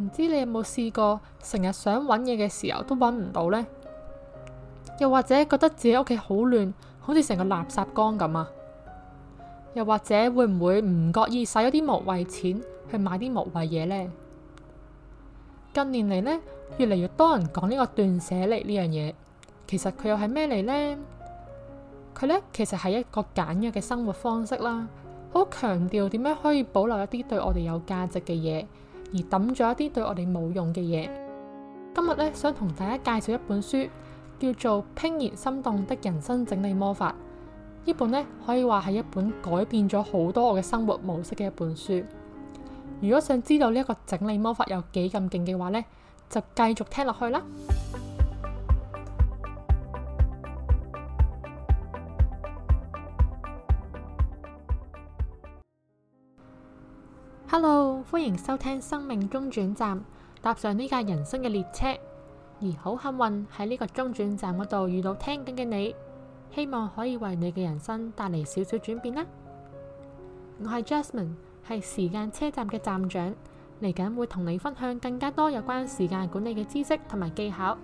唔知你有冇試過成日想揾嘢嘅時候都揾唔到呢？又或者覺得自己屋企好亂，好似成個垃圾缸咁啊？又或者會唔會唔覺意使咗啲無謂錢去買啲無謂嘢呢？近年嚟呢，越嚟越多人講呢個斷捨離呢樣嘢。其實佢又係咩嚟呢？佢呢，其實係一個簡約嘅生活方式啦，好強調點樣可以保留一啲對我哋有價值嘅嘢。而抌咗一啲對我哋冇用嘅嘢。今日呢，想同大家介紹一本書，叫做《怦然心動的人生整理魔法》。呢本呢，可以話係一本改變咗好多我嘅生活模式嘅一本書。如果想知道呢一個整理魔法有幾咁勁嘅話呢，就繼續聽落去啦。hello，歡迎收聽生命中轉站，搭上呢架人生嘅列車，而好幸運喺呢個中轉站嗰度遇到聽緊嘅你，希望可以為你嘅人生帶嚟少少轉變啦。我係 Jasmine，係時間車站嘅站長，嚟緊會同你分享更加多有關時間管理嘅知識同埋技巧。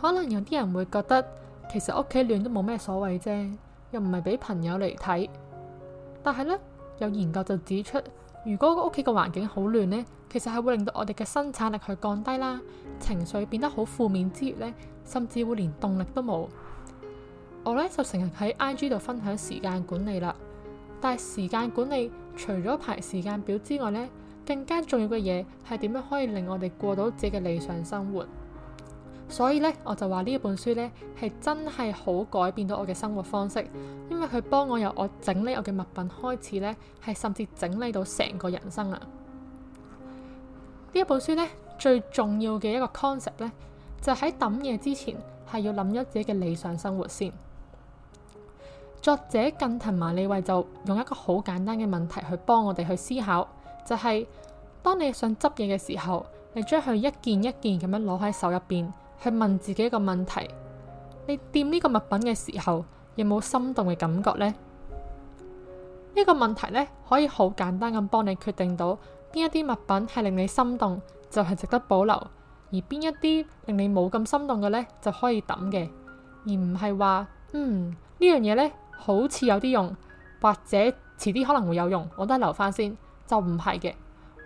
可能有啲人會覺得，其實屋企亂都冇咩所謂啫，又唔係俾朋友嚟睇，但係呢。有研究就指出，如果屋企個環境好亂呢，其實係會令到我哋嘅生產力去降低啦，情緒變得好負面之余呢，甚至會連動力都冇。我呢，就成日喺 IG 度分享時間管理啦，但係時間管理除咗排時間表之外呢，更加重要嘅嘢係點樣可以令我哋過到自己嘅理想生活。所以呢，我就話呢一本書呢，係真係好改變到我嘅生活方式。因為佢幫我由我整理我嘅物品開始呢，係甚至整理到成個人生啊！呢一本書呢，最重要嘅一個 concept 呢就喺抌嘢之前係要諗一自己嘅理想生活先。作者近藤麻理惠就用一個好簡單嘅問題去幫我哋去思考，就係、是、當你想執嘢嘅時候，你將佢一件一件咁樣攞喺手入邊，去問自己一個問題：你掂呢個物品嘅時候，有冇心動嘅感覺呢？呢、呢個問題呢，可以好簡單咁幫你決定到邊一啲物品係令你心動，就係、是、值得保留；而邊一啲令你冇咁心動嘅呢，就可以抌嘅。而唔係話，嗯，呢樣嘢呢，好似有啲用，或者遲啲可能會有用，我都係留翻先。就唔係嘅，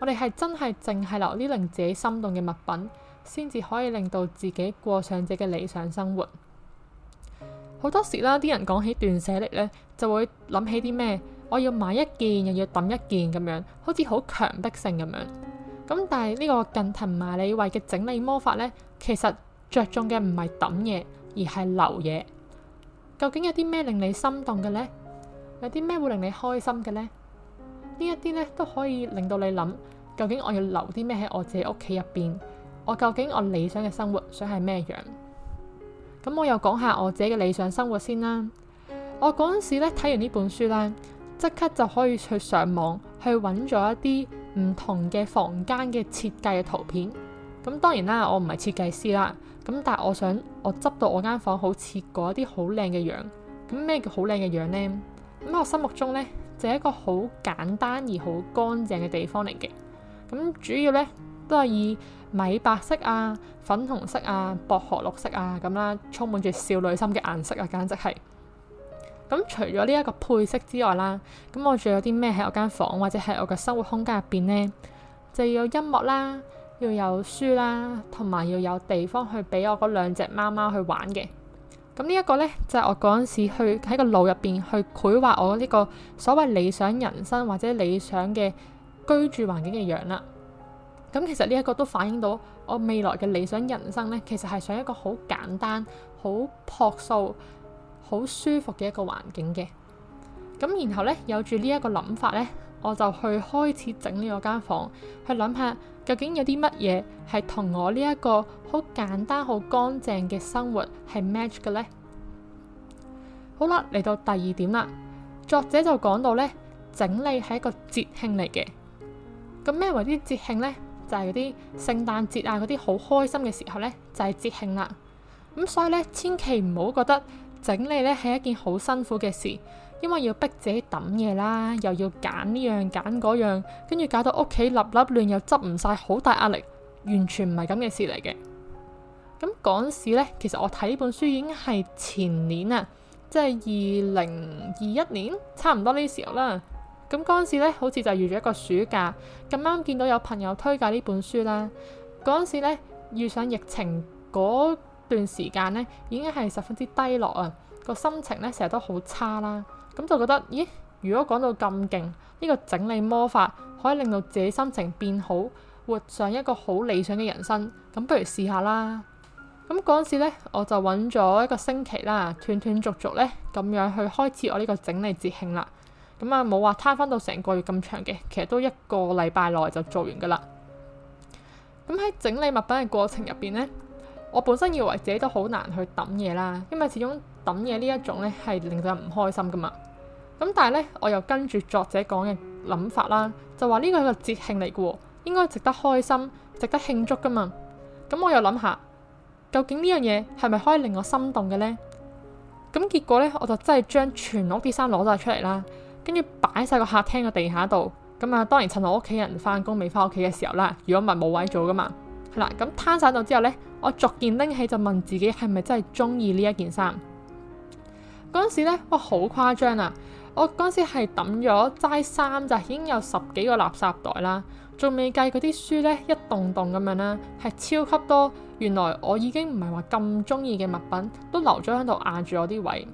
我哋係真係淨係留啲令自己心動嘅物品，先至可以令到自己過上自己嘅理想生活。好多時啦，啲人講起斷捨離呢，就會諗起啲咩？我要買一件又要抌一件咁樣，好似好強迫性咁樣。咁但係呢個近藤麻理惠嘅整理魔法呢，其實着重嘅唔係抌嘢，而係留嘢。究竟有啲咩令你心動嘅呢？有啲咩會令你開心嘅呢？呢一啲呢，都可以令到你諗，究竟我要留啲咩喺我自己屋企入邊？我究竟我理想嘅生活想係咩樣？咁我又講下我自己嘅理想生活先啦。我嗰陣時咧睇完呢本書咧，即刻就可以去上網去揾咗一啲唔同嘅房間嘅設計嘅圖片。咁當然啦，我唔係設計師啦。咁但係我想我執到我間房好似過一啲好靚嘅樣。咁咩叫好靚嘅樣呢？咁我心目中呢，就係一個好簡單而好乾淨嘅地方嚟嘅。咁主要呢，都係以，米白色啊、粉紅色啊、薄荷綠色啊咁啦，充滿住少女心嘅顏色啊，簡直係！咁除咗呢一個配色之外啦，咁我仲有啲咩喺我間房或者喺我嘅生活空間入邊呢？就要有音樂啦，要有書啦，同埋要有地方去俾我嗰兩隻貓貓去玩嘅。咁呢一個呢，就係我嗰陣時去喺個腦入邊去繪畫我呢個所謂理想人生或者理想嘅居住環境嘅樣啦。咁其實呢一個都反映到我未來嘅理想人生呢，其實係想一個好簡單、好樸素、好舒服嘅一個環境嘅。咁然後呢，有住呢一個諗法呢，我就去開始整理我間房，去諗下究竟有啲乜嘢係同我呢一個好簡單、好乾淨嘅生活係 match 嘅呢。好啦，嚟到第二點啦，作者就講到呢，整理係一個節慶嚟嘅。咁咩為之節慶呢？就係嗰啲聖誕節啊，嗰啲好開心嘅時候呢，就係節慶啦。咁所以呢，千祈唔好覺得整理呢係一件好辛苦嘅事，因為要逼自己抌嘢啦，又要揀呢樣揀嗰樣，跟住搞到屋企立立亂，又執唔晒，好大壓力，完全唔係咁嘅事嚟嘅。咁講時呢，其實我睇呢本書已經係前年啊，即係二零二一年，差唔多呢時候啦。咁嗰陣時咧，好似就遇咗一個暑假，咁啱見到有朋友推介呢本書啦。嗰陣時咧，遇上疫情嗰段時間咧，已經係十分之低落啊，個心情咧成日都好差啦。咁就覺得，咦？如果講到咁勁，呢個整理魔法可以令到自己心情變好，活上一個好理想嘅人生，咁不如試下啦。咁嗰陣時咧，我就揾咗一個星期啦，斷斷續續咧咁樣去開始我呢個整理節慶啦。咁啊，冇話攤翻到成個月咁長嘅，其實都一個禮拜內就做完噶啦。咁喺整理物品嘅過程入邊呢，我本身以為自己都好難去抌嘢啦，因為始終抌嘢呢一種呢係令到人唔開心噶嘛。咁但係呢，我又跟住作者講嘅諗法啦，就話呢個係個節慶嚟嘅，應該值得開心，值得慶祝噶嘛。咁我又諗下，究竟呢樣嘢係咪可以令我心動嘅呢？咁結果呢，我就真係將全屋啲衫攞晒出嚟啦。跟住擺晒個客廳個地下度咁啊。當然趁我屋企人翻工未翻屋企嘅時候啦。如果唔係冇位做噶嘛，係啦。咁攤曬到之後呢，我逐件拎起就問自己係咪真係中意呢一件衫嗰陣時呢，哇好誇張啊！我嗰陣時係抌咗齋衫就已經有十幾個垃圾袋啦，仲未計嗰啲書呢，一棟棟咁樣啦，係超級多。原來我已經唔係話咁中意嘅物品都留咗喺度壓住我啲位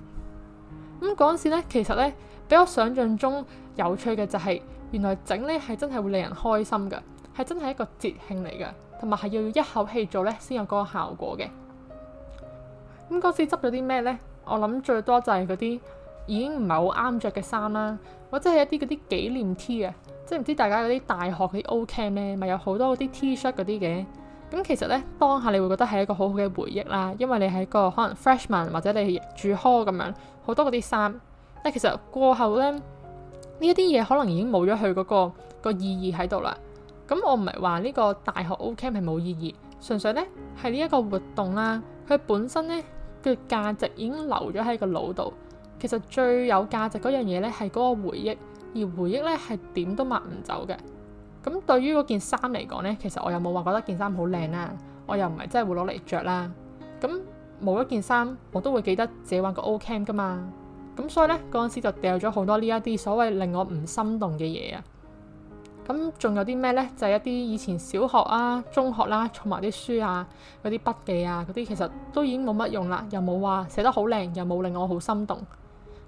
咁，嗰陣時呢，其實呢。比我想象中有趣嘅就係，原來整呢係真係會令人開心嘅，係真係一個節慶嚟嘅，同埋係要一口氣做呢先有嗰個效果嘅。咁嗰時執咗啲咩呢？我諗最多就係嗰啲已經唔係好啱着嘅衫啦，或者係一啲嗰啲紀念 T 啊，即係唔知大家嗰啲大學啲 O Camp 咧，咪有好多嗰啲 T-shirt 嗰啲嘅。咁其實呢，當下你會覺得係一個好好嘅回憶啦，因為你係一個可能 Freshman 或者你係住 hall 咁樣，好多嗰啲衫。其實過後咧，呢一啲嘢，可能已經冇咗佢嗰個、嗰個意義喺度啦。咁我唔係話呢個大學 O camp 係冇意義，純粹呢係呢一個活動啦、啊。佢本身咧嘅價值已經留咗喺個腦度。其實最有價值嗰樣嘢呢係嗰個回憶，而回憶呢係點都抹唔走嘅。咁對於嗰件衫嚟講呢，其實我又冇話覺得件衫好靚啦，我又唔係真係會攞嚟着啦。咁冇一件衫，我都會記得自己玩個 O camp 噶嘛。咁所以呢，嗰陣時就掉咗好多呢一啲所謂令我唔心動嘅嘢啊！咁仲有啲咩呢？就係、是、一啲以前小學啊、中學啦、啊，儲埋啲書啊、嗰啲筆記啊、嗰啲其實都已經冇乜用啦，又冇話寫得好靚，又冇令我好心動。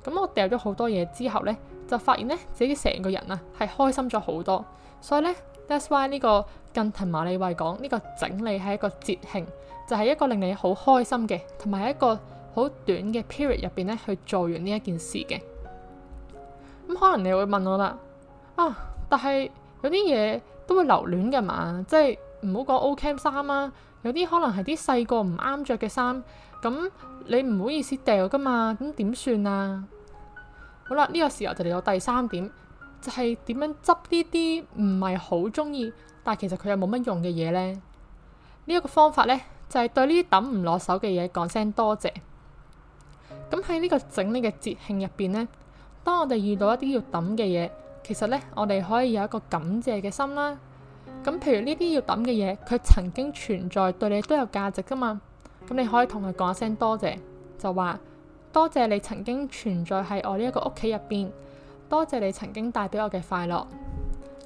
咁我掉咗好多嘢之後呢，就發現呢，自己成個人啊係開心咗好多。所以呢 that's why 呢、呢個近藤麻理惠講呢個整理係一個節慶，就係、是、一個令你好開心嘅，同埋一個，好短嘅 period 入邊咧，去做完呢一件事嘅咁、嗯，可能你會問我啦啊，但係有啲嘢都會留戀噶嘛，即係唔好講，O Camp 衫啊，有啲可能係啲細個唔啱着嘅衫，咁、嗯、你唔好意思掉噶嘛，咁點算啊？好啦，呢、這個時候就嚟到第三點，就係、是、點樣執呢啲唔係好中意，但其實佢又冇乜用嘅嘢呢。呢、這、一個方法呢，就係、是、對呢啲抌唔落手嘅嘢講聲多謝，謝。咁喺呢個整理嘅節慶入邊呢，當我哋遇到一啲要抌嘅嘢，其實呢，我哋可以有一個感謝嘅心啦。咁譬如呢啲要抌嘅嘢，佢曾經存在對你都有價值噶嘛。咁你可以同佢講一聲多謝，就話多謝你曾經存在喺我呢一個屋企入邊，多謝你曾經帶俾我嘅快樂，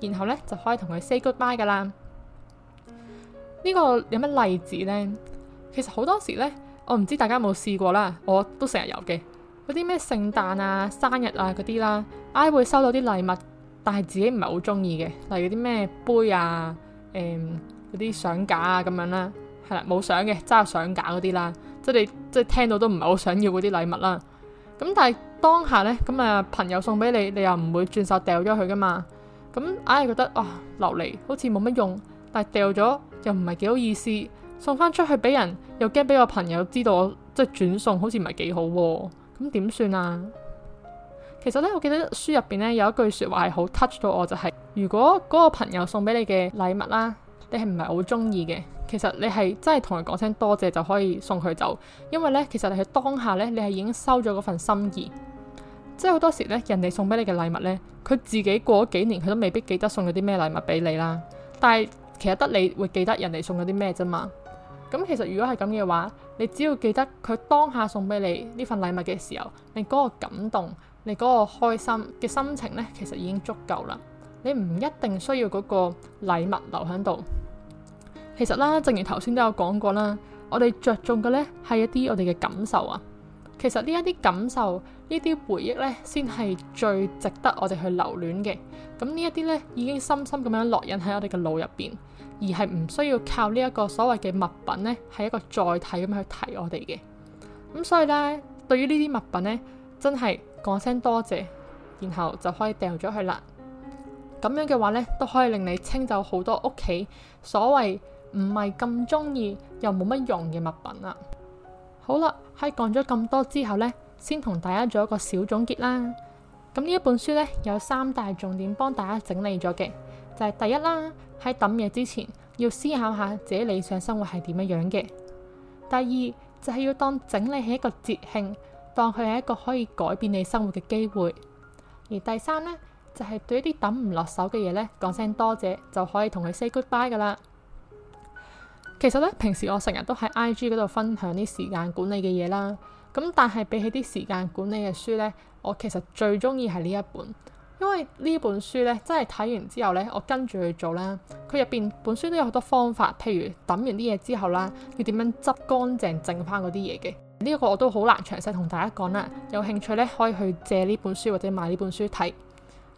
然後呢，就可以同佢 say goodbye 噶啦。呢個有咩例子呢？其實好多時呢。我唔知大家有冇試過啦，我都成日有嘅。嗰啲咩聖誕啊、生日啊嗰啲啦，哎、啊、會收到啲禮物，但係自己唔係好中意嘅，例如啲咩杯啊、誒嗰啲相架啊咁樣啦、啊，係啦冇相嘅，揸相架嗰啲啦，即係你即係聽到都唔係好想要嗰啲禮物啦、啊。咁但係當下呢，咁啊朋友送俾你，你又唔會轉手掉咗佢噶嘛。咁哎覺得啊落嚟好似冇乜用，但係掉咗又唔係幾好意思。送翻出去俾人又驚俾我朋友知道我，我即係轉送好好、啊，好似唔係幾好咁點算啊？其實呢，我記得書入邊呢有一句說話係好 touch 到我，就係、是、如果嗰個朋友送俾你嘅禮物啦，你係唔係好中意嘅，其實你係真係同佢講聲多謝就可以送佢走，因為呢，其實你喺當下呢，你係已經收咗嗰份心意。即係好多時呢，人哋送俾你嘅禮物呢，佢自己過咗幾年，佢都未必記得送咗啲咩禮物俾你啦。但係其實得你會記得人哋送咗啲咩啫嘛。咁其實如果係咁嘅話，你只要記得佢當下送俾你呢份禮物嘅時候，你嗰個感動，你嗰個開心嘅心情呢，其實已經足夠啦。你唔一定需要嗰個禮物留喺度。其實啦，正如頭先都有講過啦，我哋着重嘅呢係一啲我哋嘅感受啊。其實呢一啲感受，呢啲回憶呢，先係最值得我哋去留戀嘅。咁呢一啲呢，已經深深咁樣烙印喺我哋嘅腦入邊。而係唔需要靠呢一個所謂嘅物品呢，係一個載體咁去提我哋嘅。咁所以呢，對於呢啲物品呢，真係講聲多謝，然後就可以掉咗佢啦。咁樣嘅話呢，都可以令你清走好多屋企所謂唔係咁中意又冇乜用嘅物品啦。好啦，喺講咗咁多之後呢，先同大家做一個小總結啦。咁呢一本書呢，有三大重點幫大家整理咗嘅，就係第一啦。喺抌嘢之前，要思考下自己理想生活係點樣樣嘅。第二就係要當整理係一個節慶，當佢係一個可以改變你生活嘅機會。而第三呢，就係對一啲抌唔落手嘅嘢呢，講聲多謝就可以同佢 say goodbye 噶啦。其實呢，平時我成日都喺 IG 嗰度分享啲時間管理嘅嘢啦。咁但係比起啲時間管理嘅書呢，我其實最中意係呢一本。因為呢本書呢，真係睇完之後呢，我跟住去做啦。佢入邊本書都有好多方法，譬如抌完啲嘢之後啦，要點樣執乾淨淨翻嗰啲嘢嘅。呢個我都好難詳細同大家講啦。有興趣呢，可以去借呢本書或者買呢本書睇。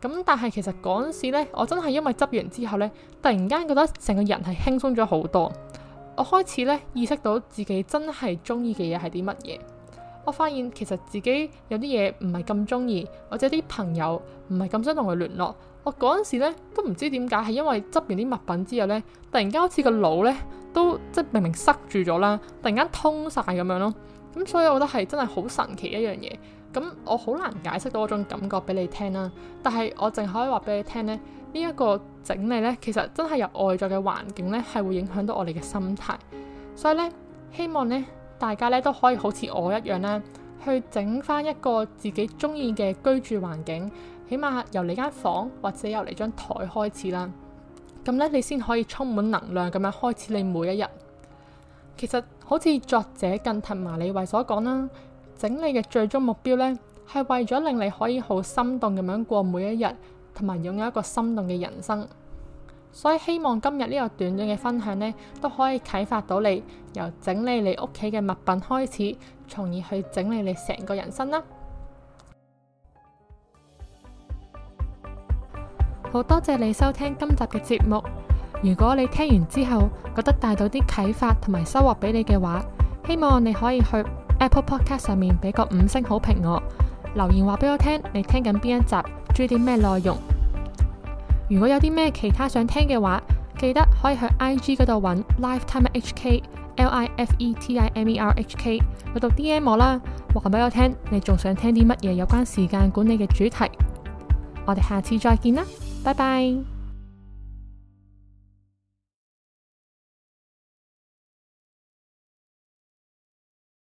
咁、嗯、但係其實嗰陣時呢，我真係因為執完之後呢，突然間覺得成個人係輕鬆咗好多。我開始呢，意識到自己真係中意嘅嘢係啲乜嘢。我發現其實自己有啲嘢唔係咁中意，或者啲朋友唔係咁想同佢聯絡。我嗰陣時呢都唔知點解，係因為執完啲物品之後呢，突然間好似個腦呢都即明明塞住咗啦，突然間通晒咁樣咯。咁所以我覺得係真係好神奇一樣嘢。咁我好難解釋到嗰種感覺俾你聽啦。但係我淨可以話俾你聽呢：呢，呢一個整理呢，其實真係由外在嘅環境呢係會影響到我哋嘅心態。所以呢，希望呢。大家咧都可以好似我一樣咧，去整翻一個自己中意嘅居住環境，起碼由你間房或者由你張台開始啦。咁咧，你先可以充滿能量咁樣開始你每一日。其實好似作者近藤麻理惠所講啦，整理嘅最終目標咧係為咗令你可以好心動咁樣過每一日，同埋擁有一個心動嘅人生。所以希望今日呢個短短嘅分享呢，都可以啟發到你，由整理你屋企嘅物品開始，從而去整理你成個人生啦。好多謝你收聽今集嘅節目。如果你聽完之後覺得帶到啲啟發同埋收穫俾你嘅話，希望你可以去 Apple Podcast 上面俾個五星好評我，留言話俾我聽你你聽緊邊一集，注意啲咩內容。如果有啲咩其他想聽嘅話，記得可以去 I G 嗰度揾 LifeTimer HK L I F E T I M E R H K 嗰度 D M 我啦，話俾我聽你仲想聽啲乜嘢有關時間管理嘅主題。我哋下次再見啦，拜拜。